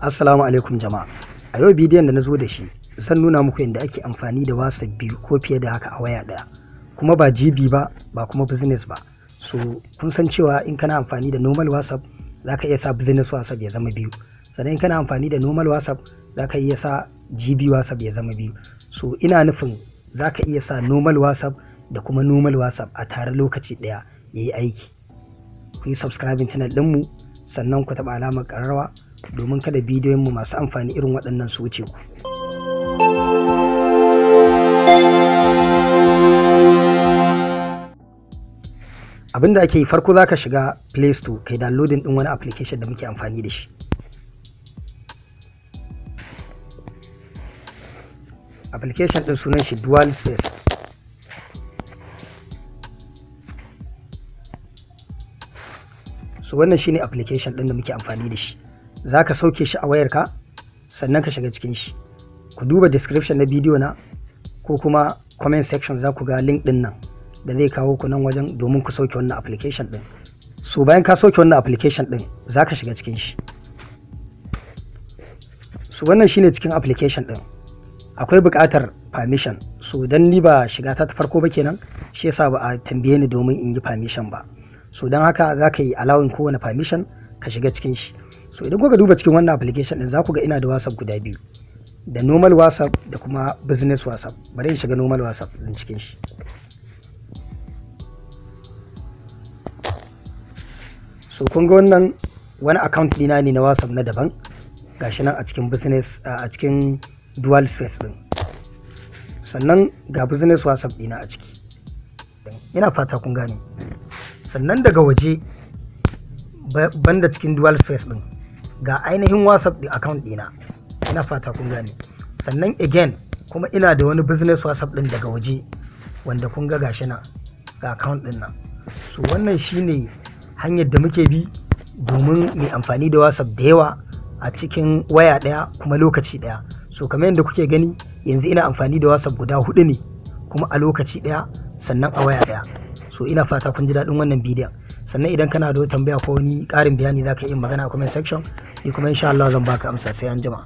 Assalamu alaikum jama'a. A yau bidiyon da na zo da shi zan nuna muku yadda ake amfani da WhatsApp biyu ko fiye da haka a waya ɗaya. Kuma ba GB ba, ba kuma business ba. So kun san cewa in kana amfani da normal WhatsApp za ka iya sa business WhatsApp ya zama biyu. Sannan in kana amfani da normal WhatsApp za ka iya sa GB WhatsApp ya zama biyu. So ina nufin za ka iya sa normal WhatsApp da kuma normal WhatsApp a tare lokaci ɗaya ya yi aiki. Ku yi subscribing channel ɗinmu sannan ku taɓa alamar ƙararrawa domin kada bidiyonmu masu amfani irin waɗannan su wuce ku. abin da ake yi farko za ka shiga play store kai downloading din wani application da muke amfani da shi application din sunan shi dual space so wannan shine application din da muke amfani da shi za ka sauke shi a wayarka sannan ka shiga cikin shi ku duba description na bidiyo na ko kuma comment section za ku ga link din nan da zai kawo ku nan wajen domin ku sauke wannan application din so bayan ka sauke wannan application din za ka shiga cikin shi so wannan shine cikin application din akwai buƙatar permission so dan ni ba shiga ta farko ba kenan shi yasa ba a tambaye ni domin in yi permission ba so dan haka za ka yi allowing kowane permission ka shiga cikin shi so idan kuka duba cikin wannan application din za ku ga ina da whatsapp guda biyu da normal whatsapp da kuma business whatsapp bari in shiga normal whatsapp din cikin shi so kun ga wannan wani account dina ne na whatsapp na daban gashi nan a cikin business a cikin dual space din sannan ga business whatsapp dina a ciki ina fata kun gane sannan daga waje banda cikin dual space din ga ainihin whatsapp account ɗina ina fata kun gane sannan again kuma ina da wani business whatsapp ɗin daga waje wanda kun ga gashi na ga account ɗin nan so wannan shine hanyar da muke bi domin mai amfani da whatsapp da yawa a cikin waya ɗaya kuma lokaci ɗaya so kamar yadda kuke gani yanzu ina amfani da whatsapp guda hudu ne kuma a lokaci ɗaya sannan a waya ɗaya so ina fata kun ji daɗin wannan bidiyon sannan idan kana da tambaya ko wani karin bayani za ka yi magana a comment section ni kuma insha Allah zan baka amsa sai an jima